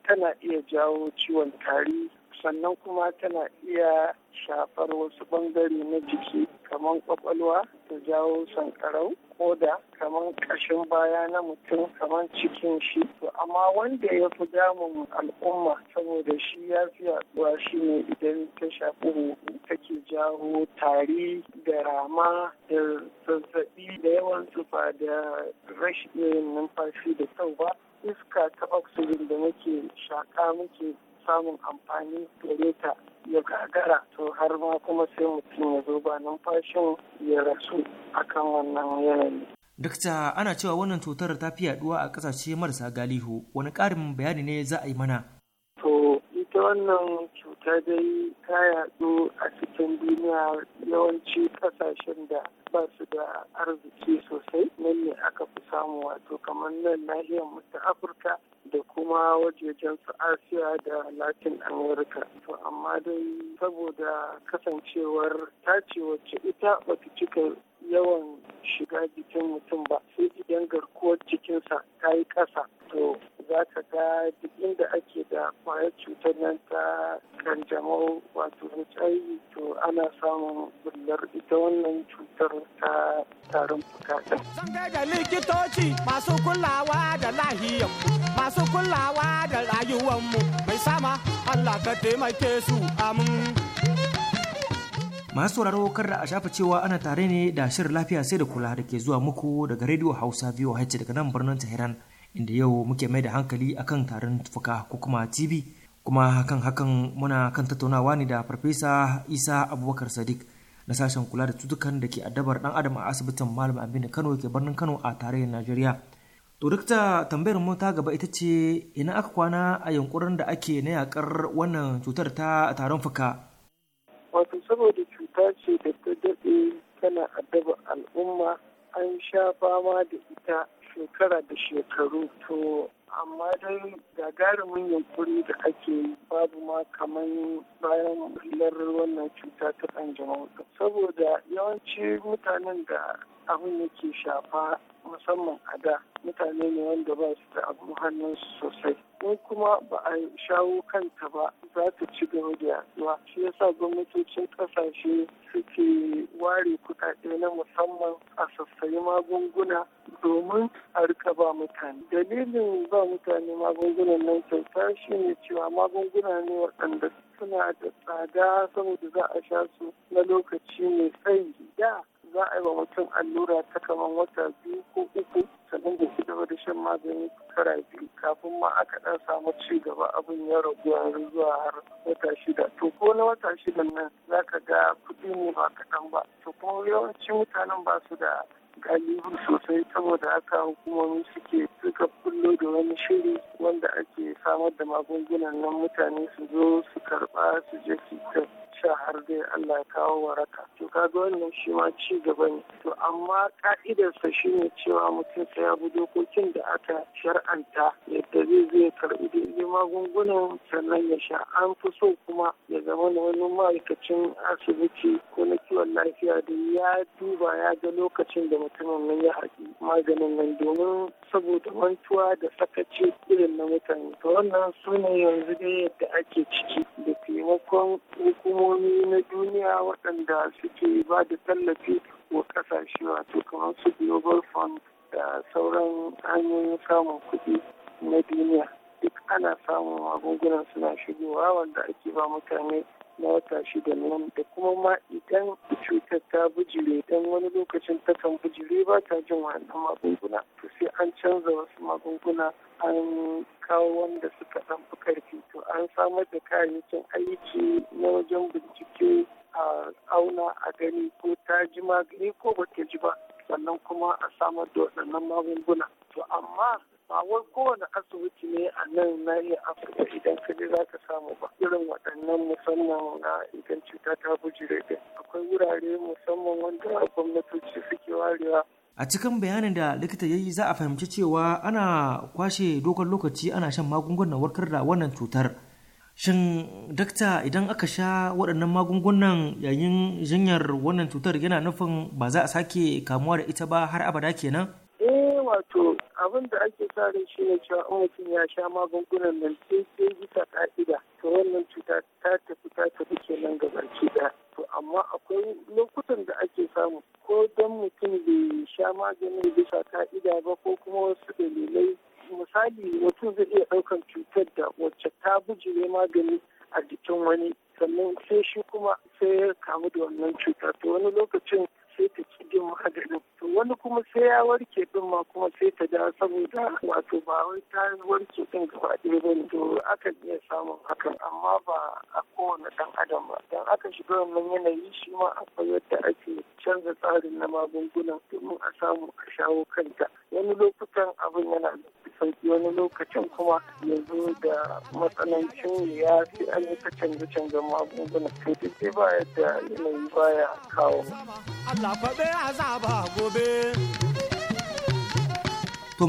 tana iya jawo ciwon tari sannan kuma tana iya shafar wasu bangare na jiki kamar kwakwalwa ta jawo sankarau koda kamar ƙashin baya na mutum kamar cikin shi to amma wanda ya fi damun al'umma saboda shi ya fi yaduwa shi ne idan ta shafi huhu take jawo tari da rama da zazzabi da yawan zufa da rashin numfashi da kyau ba iska ta oxygen da muke shaƙa muke samun amfani gare ta ya gagara to har ma kuma sai mutum ya zo ba numfashin ya rasu
akan wannan yanayi. Dakta ana cewa wannan cutar ta fi yaduwa a ƙasashe marasa galihu wani ƙarin bayani ne za a yi mana.
To ita wannan cutar ta dai ta yadu a cikin duniya yawanci kasashen da ba su da arziki sosai nan ne aka fi samu wato kamar nan nahiyar mu afirka da kuma wajejen su asiya da latin america to amma dai saboda kasancewar tace wacce ita wata cika yawan shiga jikin mutum ba sai idan garkuwar cikinsa ta yi ƙasa to za ka ga duk inda ake da kwayar cutar nan ta kanjamau wato hiv to ana samun bullar ita wannan cutar ta
tarin fuka
kai da likitoci masu kulawa da lahiyar masu kulawa da rayuwanmu mai sama Allah ka taimake su amin. masu sauraro kar da a shafa cewa ana tare ne da shirin lafiya sai da kula da ke zuwa muku daga rediyo hausa biyu voh daga nan birnin tehran inda yau muke mai da hankali akan taron fuka ko kuma tv kuma kan hakan muna kan tattaunawa ne da farfesa Isa Abubakar Sadiq na sashen kula da cutukan da ke addabar dan adam a asibitin Malam Aminu Kano ke birnin Kano a tarayyar Najeriya. To duk tambayar mu ta gaba ita ce ina aka kwana a yankurin da ake na yakar wannan cutar ta taron fuka.
Wato saboda cuta ce da ta daɗe tana adaba al'umma an sha fama da ita shekara da shekaru to amma dai gagarumin yankuri da ake yi babu ma kamar bayan hular wannan cuta ta kanjamau saboda yawanci mutanen da abin yake shafa musamman a da mutane ne wanda ba su da abu hannun sosai in kuma ba a shawo kanta ba za ta ci gaba da yaduwa shi yasa gwamnatocin kasashe suke ware kuɗaɗe na musamman a sassayi magunguna domin a rika ba mutane dalilin ba mutane magungunan nan kyauta shine cewa magunguna ne waɗanda suna da tsada saboda za a sha su na lokaci mai tsayi da za a yi wa mutum allura ta kamar wata biyu ko uku sannan da gaba da shan magani kara biyu kafin ma aka ɗan samu ci gaba abin ya raguwa yanzu zuwa har wata shida to ko na wata shida nan za ka ga kuɗi ne ba kaɗan ba to kuma yawanci mutanen ba su da kalibu sosai saboda haka hukumomi suke suka kullo da wani shiri wanda ake samar da magungunan nan mutane su zo su karba su je su sha har dai Allah ya kawo waraka to kaga wannan shi ma ci gaba ne to amma ka'idarsa shine cewa mutum ta ya bi dokokin da aka shar'anta yadda zai zai karbi daidai magungunan sannan ya sha an fi so kuma ya zama da wani ma'aikacin asibiti ko na kiwon lafiya da ya duba ya ga lokacin da mutumin nan ya haƙi maganin nan domin saboda mantuwa da sakaci irin na mutane to wannan su ne yanzu dai yadda ake ciki da taimakon hukumomi hukumomi na duniya waɗanda suke ba da tallafi wa ƙasashe wato kamar su global fund da sauran hanyoyin samun kuɗi na duniya duk ana samun magungunan suna shigowa wanda ake ba mutane na wata shida nan da kuma ma idan cutar ta bujire don wani lokacin ta kan bujire ba ta jin wannan magunguna to sai an canza wasu magunguna an kawo wanda suka ɗan fi karfi an samar da kayayyakin aiki na wajen bincike a auna a gani ko ta ji magani ko ba ta ji ba sannan kuma a samar da waɗannan magunguna to amma ba wai kowane asibiti ne a nan nahiyar afirka idan ka je za ka samu ba irin waɗannan musamman na idan cuta ta bujire akwai wurare musamman wanda gwamnatoci suke
warewa a cikin bayanin da likita ya yi za a fahimci cewa ana kwashe dogon lokaci ana shan magungunan warkar da wannan cutar shin dakta idan aka sha waɗannan magungunan yayin jinyar wannan cutar yana nufin ba za a sake kamuwa da ita ba har abada kenan
eh wato abin da ake sa ran shi ne cewa in mutum ya sha magungunan nan sai sai bisa ka'ida to wannan cuta ta tafi ta tafi kenan gabaki ɗaya amma akwai lokutan da ake samu ko don mutum bai sha maganin bisa ka'ida ba ko kuma wasu dalilai misali mutum zai iya ɗaukan cutar da wacce ta bujire magani a jikin wani sannan sai shi kuma sai ya kamu da wannan cutar to wani lokacin sai ta ci jin maganin to wani kuma sai ya warke din ma kuma sai ta da saboda wato ba wai ta warke din gaba ɗaya ba to aka iya samun hakan amma ba a kowane ɗan adam ba dan aka shiga wannan yanayi shi ma akwai yadda ake canza tsarin na magungunan domin a samu a shawo kanta wani lokutan abin yana da sauki wani lokacin kuma yanzu da matsanancin ya fi an yi ta canje-canjen magungunan to duk ba yadda yanayi baya kawo.
To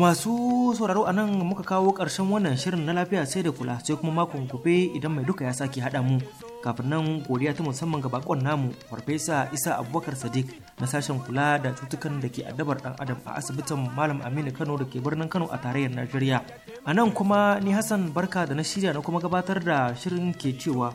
masu sauraro a nan muka kawo ƙarshen wannan shirin na lafiya sai da kula sai kuma makon gobe idan mai duka ya sake haɗa mu. Kafin nan godiya ta musamman ga bakon namu Farfesa Isa Abubakar Sadiq na sashen kula da cutukan da ke addabar dan adam a asibitin Malam Aminu Kano da ke birnin Kano a tarayyar Najeriya. A nan kuma ni Hassan Barka da na shirya na kuma gabatar da shirin ke cewa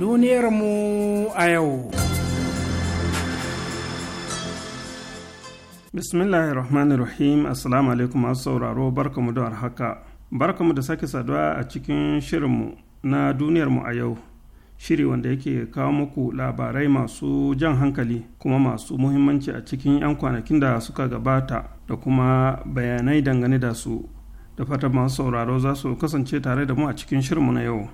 duniyarmu a yau.
Bismillahir Rahmanir Rahim Assalamu alaikum masu sauraro barkamu da warhaka. Barkamu da sake saduwa a cikin shirinmu na duniyarmu a yau. Shiri wanda yake kawo muku labarai masu jan hankali kuma masu muhimmanci a cikin 'yan kwanakin da suka gabata da kuma bayanai dangane da su. Da fata masu sauraro za su kasance tare da mu a cikin shirin mu na yau.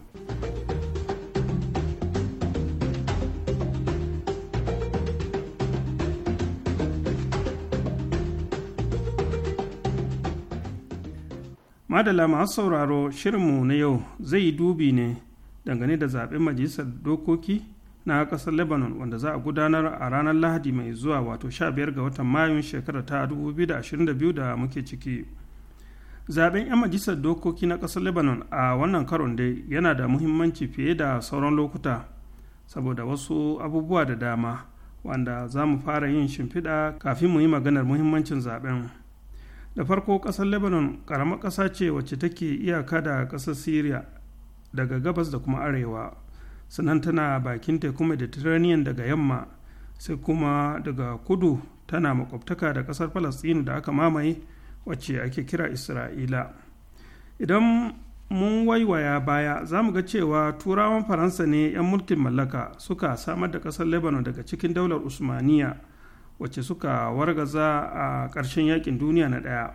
madala masu sauraro shirinmu na yau zai yi dubi ne dangane da zaɓen majalisar dokoki na ƙasar lebanon wanda za a gudanar a ranar lahadi mai zuwa wato 15 ga watan mayun shekarar ta 2022 da muke ciki zaɓen 'yan majalisar dokoki na ƙasar lebanon a wannan karon dai yana da muhimmanci fiye da sauran lokuta saboda wasu abubuwa da dama wanda za mu fara yin shimfiɗa kafin mu yi maganar muhimmancin zaɓen. da farko kasar lebanon ƙaramar ƙasa ce wacce take iyaka da ƙasar syria daga gabas da kuma arewa sannan tana bakin teku mediterranean daga yamma sai kuma daga kudu tana makwabtaka da ƙasar palestine da aka mamaye wacce ake kira isra'ila idan mun waiwaya baya za mu ga cewa turawan faransa ne 'yan mulkin mallaka suka samar da ƙasar lebanon daga cikin daular usmaniya wacce suka wargaza a ƙarshen yakin duniya na ɗaya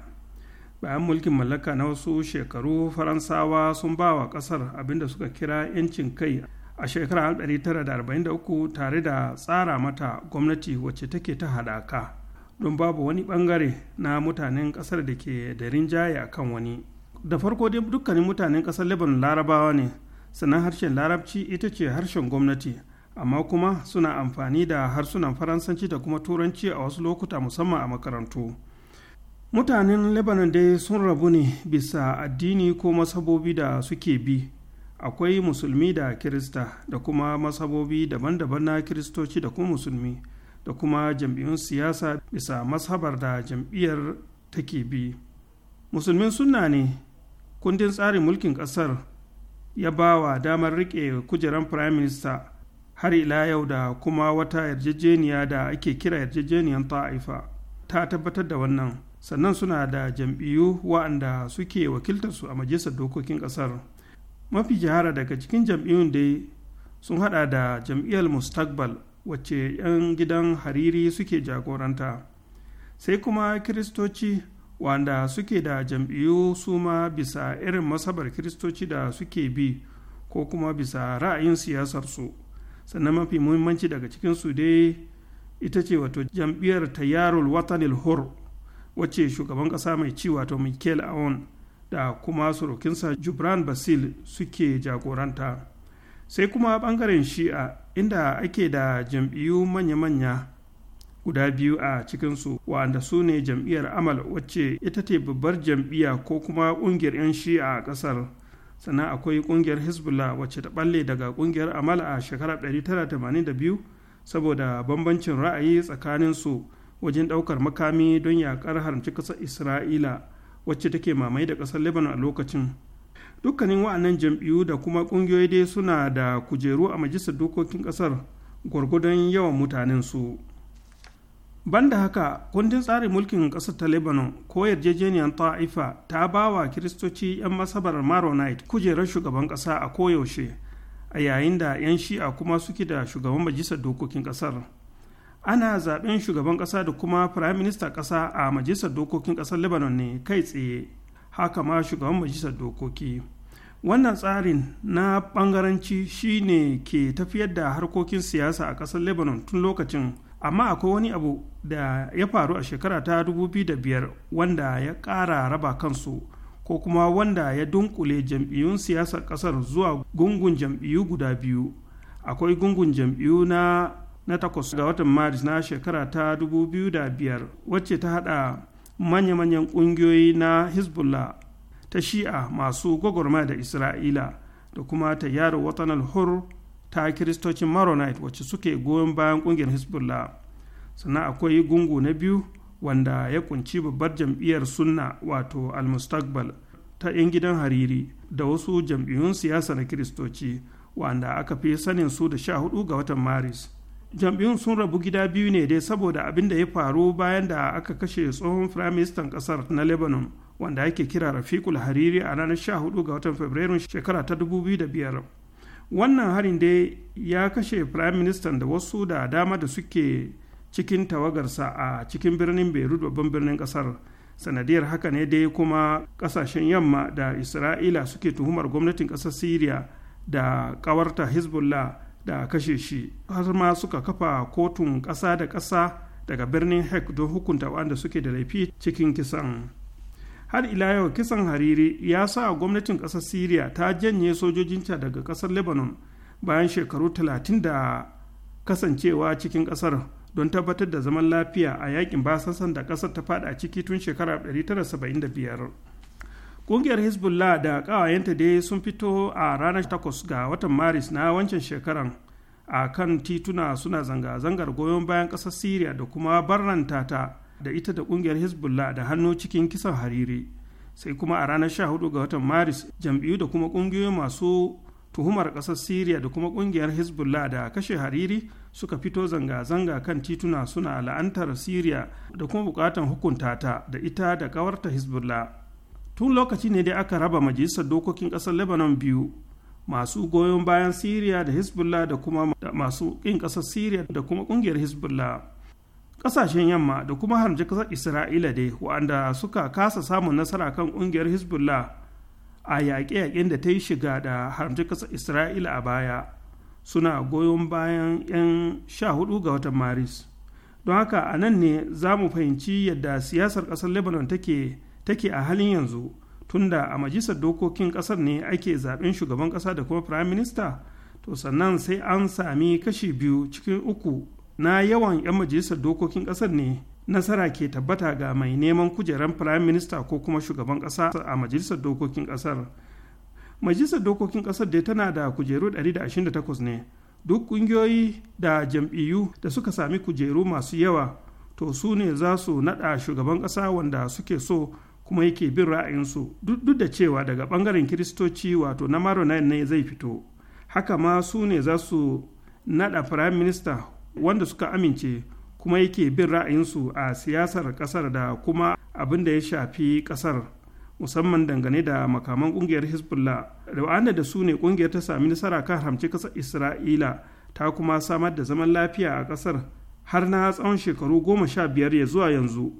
bayan mulkin mallaka na wasu shekaru faransawa sun ba wa ƙasar abinda suka kira 'yancin kai a shekarar 1943 tare da tsara mata gwamnati wacce take ta haɗaka don babu wani ɓangare na mutanen ƙasar da ke da rinjaye a kan wani da farko dukkanin mutanen ƙasar lebanon larabawa ne sannan harshen larabci ita ce harshen gwamnati amma kuma suna amfani da harsunan faransanci da kuma turanci a wasu lokuta musamman a makarantu mutanen lebanon dai sun rabu ne bisa addini ko masabobi da suke bi akwai musulmi da kirista da kuma masabobi daban-daban na kiristoci da kuma musulmi da kuma jam'iyyun siyasa bisa mashabar da jam'iyyar take bi musulmin sunna ne kundin tsarin mulkin ƙasar ya ba wa damar riƙe kujeran firayim minista har ila yau da kuma wata yarjejeniya da ake kira yarjejeniyar ta'ifa ta tabbatar da wannan sannan suna da jam'iyyu wa'anda suke wakiltarsu a majalisar dokokin ƙasar mafi jihara daga cikin jam'iyyun dai sun hada da jam'iyyar mustakbal wacce 'yan gidan hariri suke jagoranta sai kuma kiristoci wanda suke da jam'iyyu su ma bisa irin masabar kiristoci da suke bi ko kuma bisa ra'ayin siyasarsu sannan mafi muhimmanci daga cikinsu dai ita ce wato jam'iyyar tayarul watanil Hor wacce shugaban ƙasa mai ci wato michael aoun da kuma surukinsa jubran basil suke jagoranta sai kuma ɓangaren shi'a inda ake da jam'iyyu manya-manya guda biyu a cikinsu wa'anda su ne jam'iyyar amal wacce ita ce babbar jam'iyya ko kuma ƙungiyar 'yan shi'a a ƙasar sannan akwai kungiyar hezbollah wacce ta balle daga kungiyar amal a shekara 1982 saboda bambancin ra'ayi tsakanin su wajen daukar makami don yakar haramci kasar isra'ila wacce take mamaye da kasar lebanon a lokacin dukkanin wa'annan jam'iyyu da kuma kungiyoyi dai suna da kujeru a majalisar dokokin kasar gwargwadon yawan mutanen su banda haka kundin tsarin mulkin ƙasar ta lebanon ko yarjejeniyar ta'ifa ta ba wa kiristoci 'yan masabar maronite kujerar shugaban ƙasa a koyaushe a yayin da 'yan shi'a kuma suke da shugaban majalisar dokokin ƙasar ana zaɓen shugaban ƙasa da kuma firayim minista ƙasa a majalisar dokokin ƙasar lebanon ne kai tsaye haka ma shugaban majalisar dokoki wannan tsarin na bangaranci shine ke tafiyar da harkokin siyasa a ƙasar lebanon tun lokacin amma akwai wani abu da ya faru a shekara ta biyar wanda ya ƙara raba kansu ko kuma wanda ya dunkule jam'iyyun siyasar ƙasar zuwa gungun jam'iyyu guda biyu akwai gungun jam'iyyu na na takwas ga watan maris na shekara ta biyar wacce ta hada manya-manyan ƙungiyoyi na hezbollah ta shi'a masu gwagwarmaya da isra'ila da kuma ta yaro watan hur ta kiristocin maronite wacce suke goyon bayan kungiyar hezbollah sannan akwai gungu na biyu wanda ya kunci babbar jam'iyyar sunna wato almustakbal ta 'yan gidan hariri da wasu jam'iyyun siyasa na kiristoci wanda aka fi sanin su da sha hudu ga watan maris jam'iyyun sun rabu gida biyu ne dai saboda abin da ya faru bayan da aka kashe tsohon firaministan kasar na lebanon wanda ake kira rafikul hariri a ranar sha hudu ga watan fabrairun shekara ta 2005 wannan harin dai ya kashe prime minister da wasu da dama da suke cikin tawagarsa a cikin birnin beirut babban birnin kasar sanadiyar haka ne dai kuma kasashen yamma da isra'ila suke tuhumar gwamnatin kasar syria da kawarta hezbollah da kashe shi har ma suka kafa kotun kasa da kasa daga birnin hek don hukunta wanda suke da laifi cikin kisan har ila yau kisan hariri ya sa gwamnatin ƙasar syria ta janye sojojinta daga ƙasar lebanon bayan shekaru talatin da kasancewa cikin ƙasar don tabbatar da zaman lafiya a yakin basasan da ƙasar ta fada ciki tun shekarar 1975 ƙungiyar hezbollah da ƙawayenta dai sun fito a ranar 8 ga watan maris na wancan shekaran a kan tituna suna zanga-zangar goyon bayan ƙasar syria da kuma barranta ta da ita da kungiyar hezbollah da hannu cikin kisan hariri sai kuma a ranar sha hudu ga watan maris jam'iyyu da kuma kungiyoyi masu tuhumar kasar syria da kuma kungiyar hezbollah da kashe hariri suka fito zanga-zanga kan tituna suna la'antar syria da kuma bukatan hukunta ta da ita da kawarta hezbollah tun lokaci ne dai aka raba majalisar dokokin kasar lebanon biyu masu goyon bayan syria da hezbollah da kuma masu ƙin ƙasar syria da kuma kungiyar hezbollah kasashen yamma da kuma harje kasar isra'ila dai wa'anda suka kasa samun nasara kan ƙungiyar hezbollah a yaƙe-yaƙen da ta yi shiga da harje kasar isra'ila a baya suna goyon bayan 'yan sha hudu ga watan maris don haka a nan ne za mu fahimci yadda siyasar ƙasar lebanon take take a halin yanzu tunda a majisar dokokin ƙasar ne ake zaben shugaban ƙasa da kuma firayim minista to sannan sai an sami kashi biyu cikin uku na yawan 'yan majalisar dokokin ƙasar ne nasara ke tabbata ga mai neman kujeran firayim minista ko kuma shugaban ƙasa a majalisar dokokin ƙasar majalisar dokokin ƙasar dai tana da kujeru 128 ne duk ƙungiyoyi da jam'iyyu da suka sami kujeru masu yawa to su ne za su naɗa shugaban ƙasa wanda suke so kuma yake bin ra'ayinsu duk da cewa daga ɓangaren kiristoci wato na na ne zai fito haka ma su ne za su naɗa firayim minista wanda suka amince kuma yake bin ra'ayinsu a siyasar kasar da kuma abin da ya shafi kasar musamman dangane da makaman kungiyar hezbollah da da su ne kungiyar ta sami nasara kan hamci kasar isra'ila ta kuma samar da zaman lafiya a kasar har na tsawon shekaru goma sha biyar ya zuwa yanzu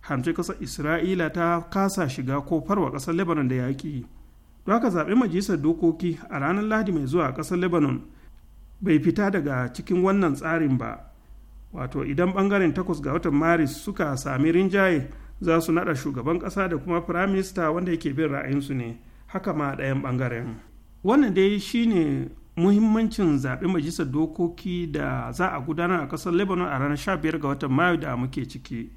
haramci kasar isra'ila ta kasa shiga ko farwa kasar lebanon da yaƙi don haka zaɓi majalisar dokoki a ranar lahadi mai zuwa a kasar lebanon bai fita daga cikin wannan tsarin ba wato idan bangaren takwas ga watan maris suka sami rinjaye za su nada shugaban kasa da kuma firaminista wanda yake bin ra'ayinsu ne haka ma ɗayan bangaren wannan dai shine muhimmancin zaɓen majalisar dokoki da za a gudanar a ƙasar lebanon a ranar 15 ga watan mayu da muke ciki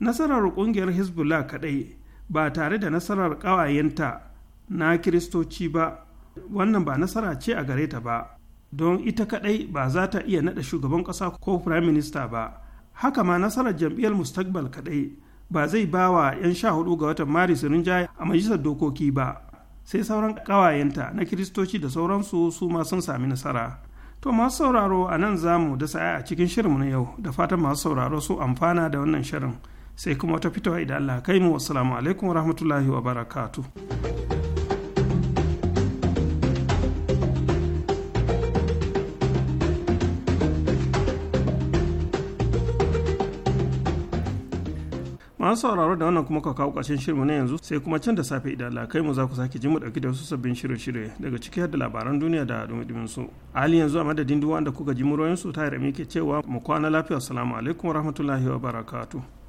nasarar ƙungiyar hezbollah kaɗai ba tare da nasarar ƙawayenta na kiristoci ba wannan ba nasara ce a gare ta ba don ita kadai ba za ta iya nada shugaban kasa ko prime minister ba haka ma nasarar jam'iyyar mustakbal kadai ba zai ba wa 'yan sha hudu ga watan maris rinjaye a majalisar dokoki ba sai sauran kawayenta na kiristoci da sauransu su ma sun sami nasara to masu sauraro a nan zamu da sa'a a cikin shirinmu na yau da fatan masu sauraro su amfana da wannan shirin sai kuma wata fitowa idan Allah kai mu wassalamu alaikum wa wabarakatuh masu sauraro da wannan kuma ka kawo ƙarshen shirinmu na yanzu sai kuma can da safe idan Allah kai mu za ku sake ji mu ɗauki da wasu sabbin shirye-shirye daga ciki da labaran duniya da dumi su. A hali yanzu a madadin duk wanda kuka ji muryoyin su ta yi ke cewa mu kwana lafiya salamu alaikum wa barakatu.